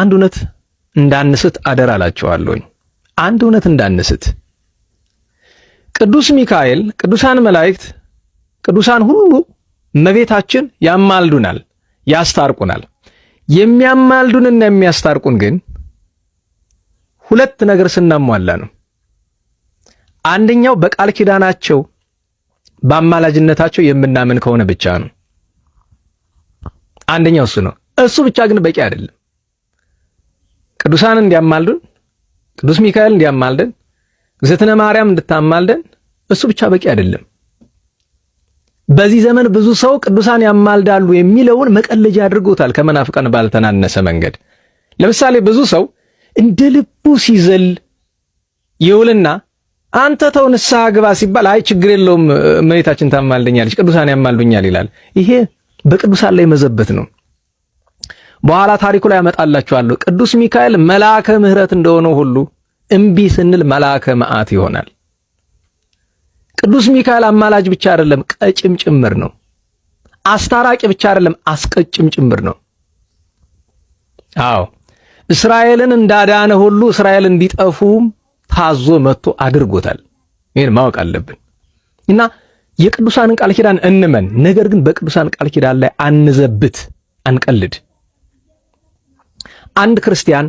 አንድ እውነት እንዳንስት አደራ አላችኋለሁኝ። አንድ እውነት እንዳንስት ቅዱስ ሚካኤል ቅዱሳን መላእክት ቅዱሳን ሁሉ እመቤታችን ያማልዱናል፣ ያስታርቁናል። የሚያማልዱንና የሚያስታርቁን ግን ሁለት ነገር ስናሟላ ነው። አንደኛው በቃል ኪዳናቸው በአማላጅነታቸው የምናምን ከሆነ ብቻ ነው። አንደኛው እሱ ነው። እሱ ብቻ ግን በቂ አይደለም። ቅዱሳን እንዲያማልዱን፣ ቅዱስ ሚካኤል እንዲያማልደን፣ እግዝእትነ ማርያም እንድታማልደን እሱ ብቻ በቂ አይደለም። በዚህ ዘመን ብዙ ሰው ቅዱሳን ያማልዳሉ የሚለውን መቀለጃ አድርጎታል ከመናፍቃን ባልተናነሰ መንገድ። ለምሳሌ ብዙ ሰው እንደ ልቡ ሲዘል ይውልና አንተ ተው ንስሐ ግባ ሲባል አይ ችግር የለውም መሬታችን ታማልደኛለች፣ ቅዱሳን ያማልዱኛል ይላል። ይሄ በቅዱሳን ላይ መዘበት ነው። በኋላ ታሪኩ ላይ ያመጣላችኋለሁ። ቅዱስ ሚካኤል መልአከ ምሕረት እንደሆነው ሁሉ እምቢ ስንል መልአከ መዓት ይሆናል። ቅዱስ ሚካኤል አማላጅ ብቻ አይደለም፣ ቀጭም ጭምር ነው። አስታራቂ ብቻ አይደለም፣ አስቀጭም ጭምር ነው። አዎ እስራኤልን እንዳዳነ ሁሉ እስራኤል እንዲጠፉም ታዞ መጥቶ አድርጎታል። ይህን ማወቅ አለብን እና የቅዱሳንን ቃል ኪዳን እንመን። ነገር ግን በቅዱሳን ቃል ኪዳን ላይ አንዘብት፣ አንቀልድ። አንድ ክርስቲያን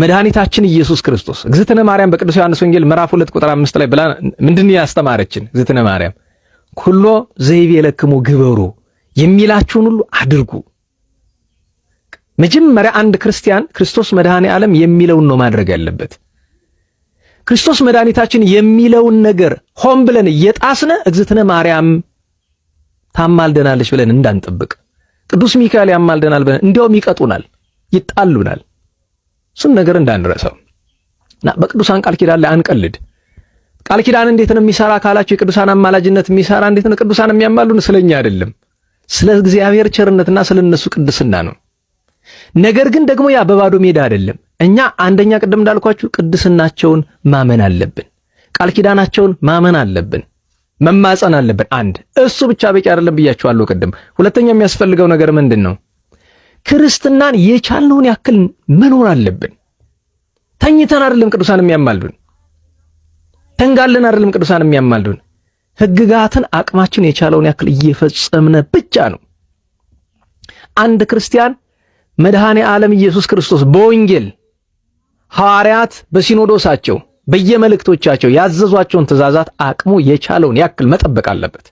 መድኃኒታችን ኢየሱስ ክርስቶስ እግዝእትነ ማርያም በቅዱስ ዮሐንስ ወንጌል ምዕራፍ 2 ቁጥር 5 ላይ ብላ ምንድን ያስተማረችን እግዝእትነ ማርያም ኩሎ ዘይቤ የለክሙ ግበሩ የሚላችሁን ሁሉ አድርጉ። መጀመሪያ አንድ ክርስቲያን ክርስቶስ መድኃኔ ዓለም የሚለውን ነው ማድረግ ያለበት። ክርስቶስ መድኃኒታችን የሚለውን ነገር ሆን ብለን እየጣስነ እግዝእትነ ማርያም ታማልደናለች ብለን እንዳንጠብቅ፣ ቅዱስ ሚካኤል ያማልደናል ብለን እንዲያውም ይቀጡናል፣ ይጣሉናል። እሱን ነገር እንዳንረሰው እና በቅዱሳን ቃል ኪዳን ላይ አንቀልድ። ቃል ኪዳን እንዴት ነው የሚሰራ ካላችሁ የቅዱሳን አማላጅነት የሚሰራ እንዴት ነው? ቅዱሳን የሚያማሉን ስለኛ አይደለም፣ ስለ እግዚአብሔር ቸርነትና ስለ እነሱ ቅድስና ነው። ነገር ግን ደግሞ ያ በባዶ ሜዳ አይደለም። እኛ አንደኛ ቅድም እንዳልኳችሁ ቅድስናቸውን ማመን አለብን። ቃል ኪዳናቸውን ማመን አለብን። መማፀን አለብን። አንድ እሱ ብቻ በቂ አይደለም ብያችኋለሁ ቅድም። ሁለተኛ የሚያስፈልገው ነገር ምንድን ነው? ክርስትናን የቻልነውን ያክል መኖር አለብን። ተኝተን አይደለም ቅዱሳን የሚያማልዱን፣ ተንጋለን አይደለም ቅዱሳን የሚያማልዱን። ህግጋትን አቅማችን የቻለውን ያክል እየፈጸምነ ብቻ ነው። አንድ ክርስቲያን መድኃኔ ዓለም ኢየሱስ ክርስቶስ በወንጌል ሐዋርያት በሲኖዶሳቸው በየመልእክቶቻቸው ያዘዟቸውን ትእዛዛት አቅሙ የቻለውን ያክል መጠበቅ አለበት።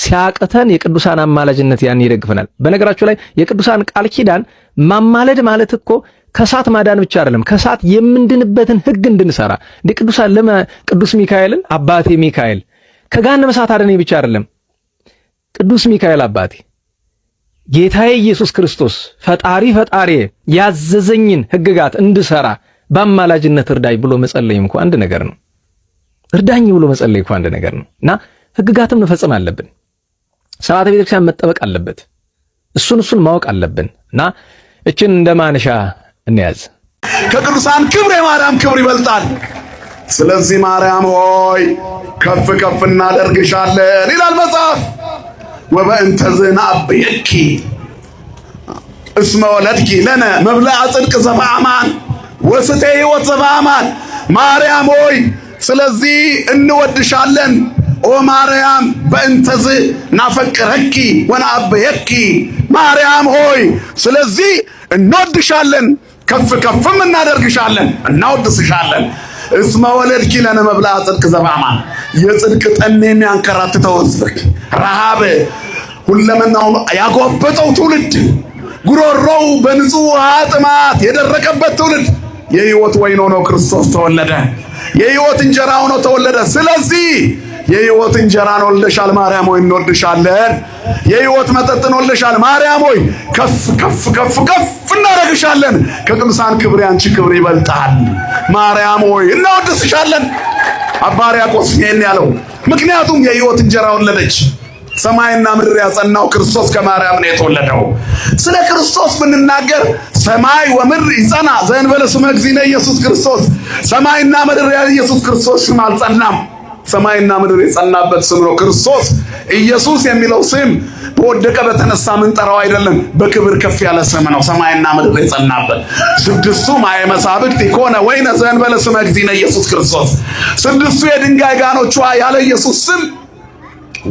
ሲያቅተን የቅዱሳን አማላጅነት ያን ይደግፈናል። በነገራችሁ ላይ የቅዱሳን ቃል ኪዳን ማማለድ ማለት እኮ ከሳት ማዳን ብቻ አይደለም፣ ከሳት የምንድንበትን ህግ እንድንሰራ እንደ ቅዱሳን ለማ ቅዱስ ሚካኤልን አባቴ ሚካኤል ከገሃነመ እሳት አድነኝ ብቻ አይደለም፣ ቅዱስ ሚካኤል አባቴ ጌታዬ ኢየሱስ ክርስቶስ ፈጣሪ ፈጣሪ ያዘዘኝን ህግጋት እንድሰራ በአማላጅነት እርዳኝ ብሎ መጸለይም እንኳ አንድ ነገር ነው። እርዳኝ ብሎ መጸለይ እንኳ አንድ ነገር ነው እና ህግጋትም መፈጸም አለብን። ስርዓተ ቤተክርስቲያን መጠበቅ አለበት። እሱን እሱን ማወቅ አለብን እና እችን እንደ ማንሻ እንያዝ። ከቅዱሳን ክብር የማርያም ክብር ይበልጣል። ስለዚህ ማርያም ሆይ ከፍ ከፍ እናደርግሻለን ይላል መጽሐፍ። ወበእንተ ዝና ዝንአብየኪ እስመ ወለድኪ ለነ መብልዐ ጽድቅ ዘበአማን ወስቴ ሕይወት ዘበአማን። ማርያም ሆይ ስለዚህ እንወድሻለን ኦ ማርያም በእንተዝ ናፈቅረኪ ወናአበየኪ ማርያም ሆይ ስለዚህ እንወድሻለን፣ ከፍ ከፍም እናደርግሻለን፣ እናወድስሻለን። እስመ ወለድኪ ለነ መብላ ጽድቅ ዘባማ የጽድቅ ጠን የሚያንከራትተው ሕዝብ ረሃብ ሁለመናው ያጎበጠው ትውልድ ጉሮሮው በንጹህ ውሃ ጥማት የደረቀበት ትውልድ የሕይወት ወይን ሆኖ ክርስቶስ ተወለደ። የሕይወት እንጀራ ሆኖ ተወለደ። ስለዚህ የህይወት እንጀራን ወልደሻል ማርያም ሆይ እንወድሻለን። የህይወት መጠጥን ወልደሻል ማርያም ሆይ ከፍ ከፍ ከፍ ከፍ እናደርግሻለን። ከቅዱሳን ክብር ያንቺ ክብር ይበልጣል ማርያም ሆይ እናወድስሻለን። አባ ሕርያቆስ ይሄን ያለው ምክንያቱም የህይወት እንጀራ ወለደች። ሰማይና ምድር ያጸናው ክርስቶስ ከማርያም ነው የተወለደው። ስለ ክርስቶስ ብንናገር ሰማይ ወምድር ይጸና ዘእንበለ ስመ እግዚእነ ኢየሱስ ክርስቶስ፣ ሰማይና ምድር ያለ ኢየሱስ ክርስቶስ ስም አልጸናም። ሰማይና ምድር የጸናበት ስም ነው። ክርስቶስ ኢየሱስ የሚለው ስም በወደቀ በተነሳ ምንጠራው አይደለም። በክብር ከፍ ያለ ስም ነው። ሰማይና ምድር የጸናበት ስድስቱ ማየ መሳብቅት ኮነ ወይነ ዘእንበለ ስመ እግዚእነ ኢየሱስ ክርስቶስ። ስድስቱ የድንጋይ ጋኖቿ ያለ ኢየሱስ ስም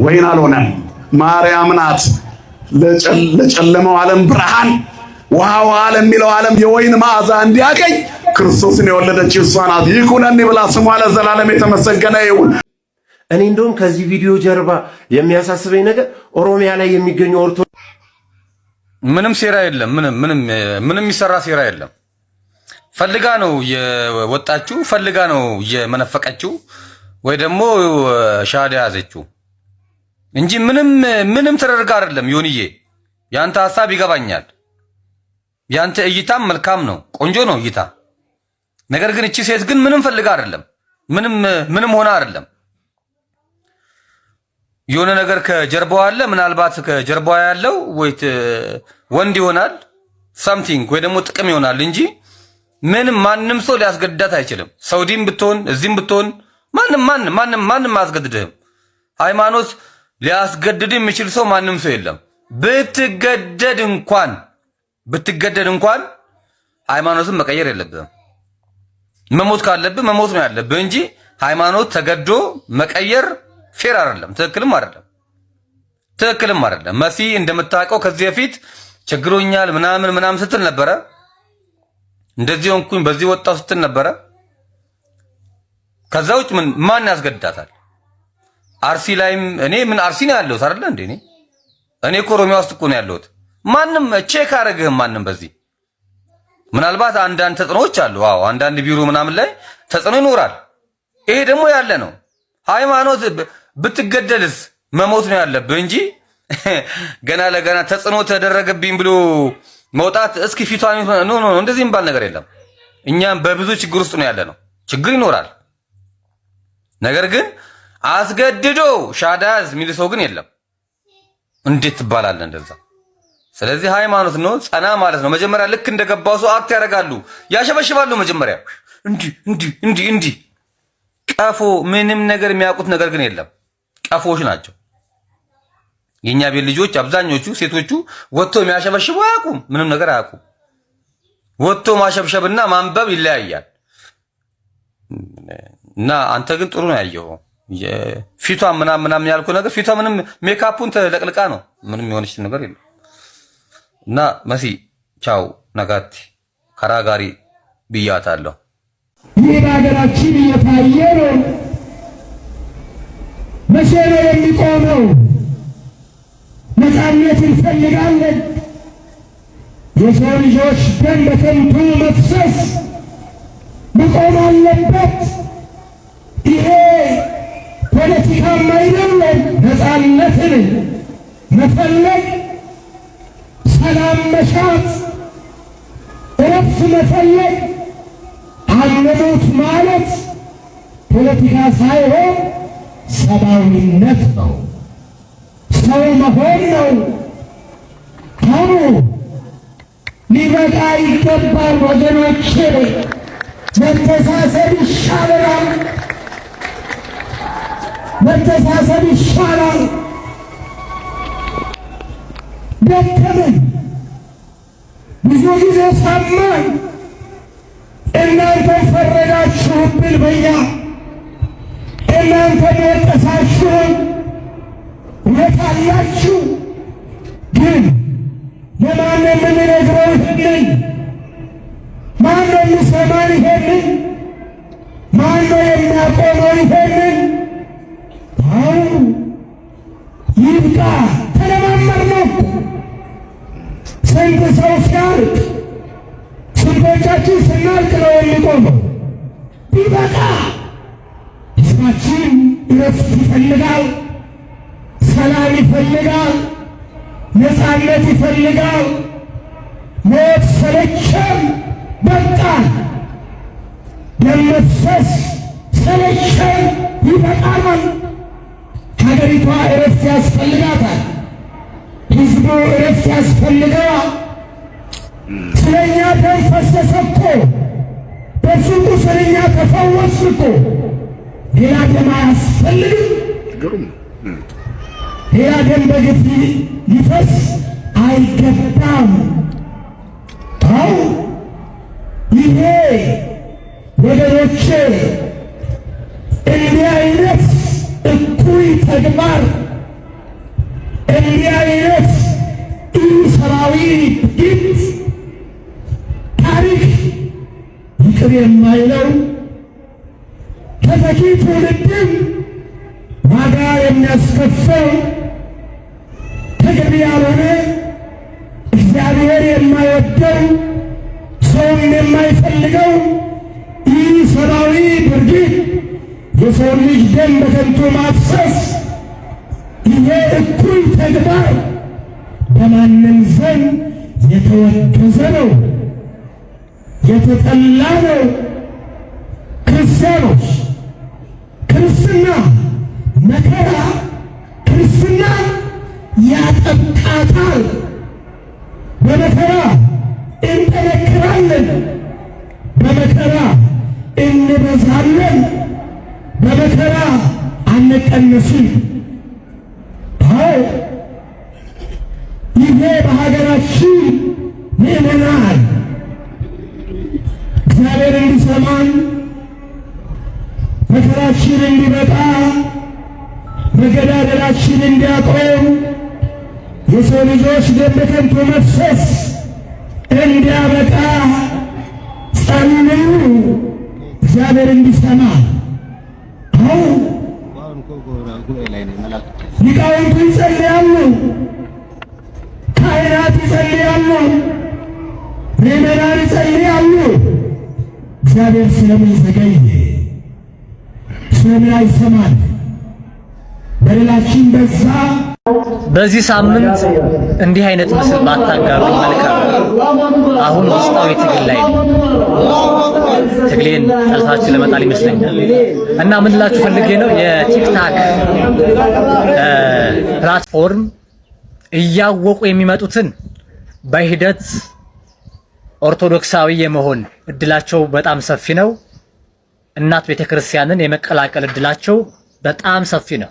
ወይን አልሆነም። ማርያም ናት ለጨለመው ዓለም ብርሃን፣ ውሃ ውሃ ለሚለው ዓለም የወይን መዓዛ እንዲያገኝ ክርስቶስን የወለደች እሷ ናት። ይኩነኒ ብላ ስሟ ለዘላለም የተመሰገነ ይሁን። እኔ እንደውም ከዚህ ቪዲዮ ጀርባ የሚያሳስበኝ ነገር ኦሮሚያ ላይ የሚገኙ ኦርቶ ምንም ሴራ የለም። ምንም ምንም ምንም የሚሰራ ሴራ የለም። ፈልጋ ነው የወጣችሁ፣ ፈልጋ ነው የመነፈቀችው ወይ ደግሞ ሻሃዳ ያዘችው እንጂ ምንም ምንም ተደርጋ አይደለም። ዮንዬ ያንተ ሀሳብ ይገባኛል። ያንተ እይታም መልካም ነው፣ ቆንጆ ነው እይታ። ነገር ግን እቺ ሴት ግን ምንም ፈልጋ አይደለም። ምንም ምንም ሆና አይደለም። የሆነ ነገር ከጀርባዋ አለ። ምናልባት ከጀርባዋ ያለው ወይት ወንድ ይሆናል ሳምቲንግ ወይ ደግሞ ጥቅም ይሆናል እንጂ ምንም ማንም ሰው ሊያስገድዳት አይችልም። ሰውዲም ብትሆን እዚህም ብትሆን ማንም ማንም ማንም ማንም አያስገድድህም። ሃይማኖት ሊያስገድድ የሚችል ሰው ማንም ሰው የለም። ብትገደድ እንኳን ብትገደድ እንኳን ሃይማኖትን መቀየር የለብህም። መሞት ካለብህ መሞት ነው ያለብህ እንጂ ሃይማኖት ተገዶ መቀየር ፌር አይደለም፣ ትክክልም አይደለም፣ ትክክልም አይደለም። መሲ እንደምታውቀው ከዚህ በፊት ችግሮኛል ምናምን ምናምን ስትል ነበረ። እንደዚህ ሆንኩኝ በዚህ ወጣው ስትል ነበረ። ከዛ ውጭ ምን ማን ያስገድዳታል? አርሲ ላይም እኔ ምን አርሲ ነው ያለሁት አይደለ እንዴ? እኔ እኔ እኮ ኦሮሚያ ውስጥ እኮ ነው ያለሁት። ማንም ቼክ አደረግህም ማንም በዚህ ምናልባት አንዳንድ ተጽዕኖዎች አሉ። አዎ አንዳንድ ቢሮ ምናምን ላይ ተጽዕኖ ይኖራል። ይሄ ደግሞ ያለ ነው ሃይማኖት ብትገደልስ መሞት ነው ያለብህ እንጂ ገና ለገና ተጽዕኖ ተደረገብኝ ብሎ መውጣት እስኪ ፊቷ ኖ ኖ እንደዚህ የሚባል ነገር የለም። እኛም በብዙ ችግር ውስጥ ነው ያለ ነው። ችግር ይኖራል። ነገር ግን አስገድዶ ሻዳዝ የሚል ሰው ግን የለም። እንዴት ትባላለህ እንደዛ? ስለዚህ ሃይማኖት ነው ጸና ማለት ነው። መጀመሪያ ልክ እንደገባው ሰው አክት ያደርጋሉ፣ ያሸበሽባሉ። መጀመሪያ እንዲህ እንዲህ እንዲህ እንዲህ ቀፎ ምንም ነገር የሚያውቁት ነገር ግን የለም። ጠፎች ናቸው። የእኛ ቤት ልጆች አብዛኞቹ ሴቶቹ ወጥቶ የሚያሸበሽቡ አያውቁም፣ ምንም ነገር አያውቁም። ወጥቶ ማሸብሸብና ማንበብ ይለያያል። እና አንተ ግን ጥሩ ነው ያየው ፊቷ ምናምን ምናምን ያልኩ ነገር ፊቷ ምንም ሜካፑን ተለቅልቃ ነው ምንም የሆነች ነገር የለም። እና መሲ ቻው ነጋቴ ከራጋሪ ብያታለሁ። ይህን ሀገራችን እየታየ ነው። መቼ ነው የሚቆመው? ነፃነት እንፈልጋለን። የሰው ልጆች ደም በከንቱ መፍሰስ መቆም አለበት። ይሄ ፖለቲካም አይደለም። ነፃነትን መፈለግ፣ ሰላም መሻት፣ እረፍት መፈለግ፣ አለሙት ማለት ፖለቲካ ሳይሆን ሰብአዊነት ነው። ሰው መሆን ነው። ተው ሊበቃ ይገባል ወገኖች፣ መተሳሰብ ይሻላል፣ መተሳሰብ ይሻላል። ደከመን ብዙ ጊዜ ሳማን እናንተ ፈረዳችሁብን በኛ እናንተ የወቀሳችሁ የት አላችሁ? ግን ለማን የምንነግረው ይሄንን? ማን የሚሰማን ይሄንን? ማን የሚያቆመው ይሄንን? ይፈልጋል፣ ሰላም ይፈልጋል፣ ነፃነት ይፈልጋል። ሞት ሰለቸን በቃል ለመፍሰስ ሰለቸን ይበቃል። ሀገሪቷ እረፍት ያስፈልጋታል። ህዝቡ እረፍት ያስፈልገዋል። ስለኛ ደም ፈሰሰ እኮ በስንቱ ስለኛ ተፈወስ እኮ ሌላ ደም አያስፈልግም። አይናገሩም። ሌላ ደም በግፍ ሊፈስ አይገባም። አው ይሄ ወገኖቼ እንዲህ አይነት እኩይ ተግባር እንዲህ አይነት ኢሰብአዊ ድርጊት ታሪክ ይቅር የማይለው ተተኪ ትውልድም የሚያስከፈው ተገቢ ያልሆነ እግዚአብሔር የማይወደው ሰውም የማይፈልገው ይህ ሰብአዊ ድርጊት የሰው ልጅ ደም በከንቱ ማፍሰስ ይሄ እኩይ ተግባር በማንም ዘንድ የተወገዘ ነው፣ የተጠላ ነው። ክርስቲያኖች በመከራ አንቀነስም። አዎ ይሄ በሀገራችን ምዕመናን እግዚአብሔር እንዲሰማን መከራችን እንዲበጣ መገዳደላችን እንዲያቆም የሰው ልጆች ደም በከንቱ መፍሰስ እንዲያበቃ ጸልዩ። እግዚአብሔር እንዲሰማ ሊቃውንቱ ይጸልያሉ፣ ካህናት ይጸልያሉ፣ ምዕመናን ይጸልያሉ። እግዚአብሔር ስለምን ዘገይ? ስለምን አይሰማል? በሌላችን በዛ በዚህ ሳምንት እንዲህ አይነት ምስል ባታጋሩ መልካም። አሁን ውስጣዊ ትግል ላይ ነው። ትግሌን ለመጣል ይመስለኛል እና ምን ላችሁ ፈልጌ ነው የቲክታክ ፕላትፎርም እያወቁ የሚመጡትን በሂደት ኦርቶዶክሳዊ የመሆን እድላቸው በጣም ሰፊ ነው። እናት ቤተክርስቲያንን የመቀላቀል እድላቸው በጣም ሰፊ ነው።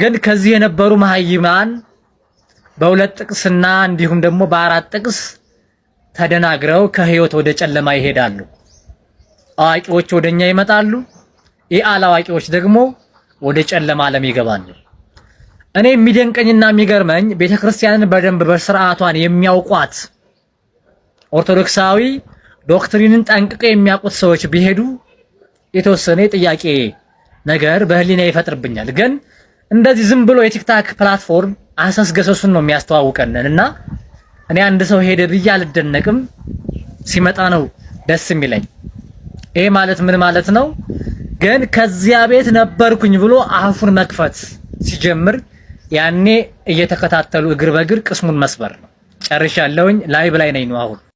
ግን ከዚህ የነበሩ መሀይማን በሁለት ጥቅስና እንዲሁም ደግሞ በአራት ጥቅስ ተደናግረው ከህይወት ወደ ጨለማ ይሄዳሉ። አዋቂዎች ወደኛ ይመጣሉ፣ የአላዋቂዎች ደግሞ ወደ ጨለማ ዓለም ይገባሉ። እኔ የሚደንቀኝና የሚገርመኝ ቤተክርስቲያንን በደንብ በስርዓቷን የሚያውቋት ኦርቶዶክሳዊ ዶክትሪንን ጠንቅቀው የሚያውቁት ሰዎች ቢሄዱ የተወሰነ የጥያቄ ነገር በህሊና ይፈጥርብኛል ግን እንደዚህ ዝም ብሎ የቲክታክ ፕላትፎርም አሰስገሰሱን ነው የሚያስተዋውቀንን እና እኔ አንድ ሰው ሄደ ብዬ አልደነቅም። ሲመጣ ነው ደስ የሚለኝ። ይሄ ማለት ምን ማለት ነው? ግን ከዚያ ቤት ነበርኩኝ ብሎ አፉን መክፈት ሲጀምር ያኔ እየተከታተሉ እግር በእግር ቅስሙን መስበር ነው። ጨርሻለሁኝ። ላይ ብላይ ነኝ ነው አሁን።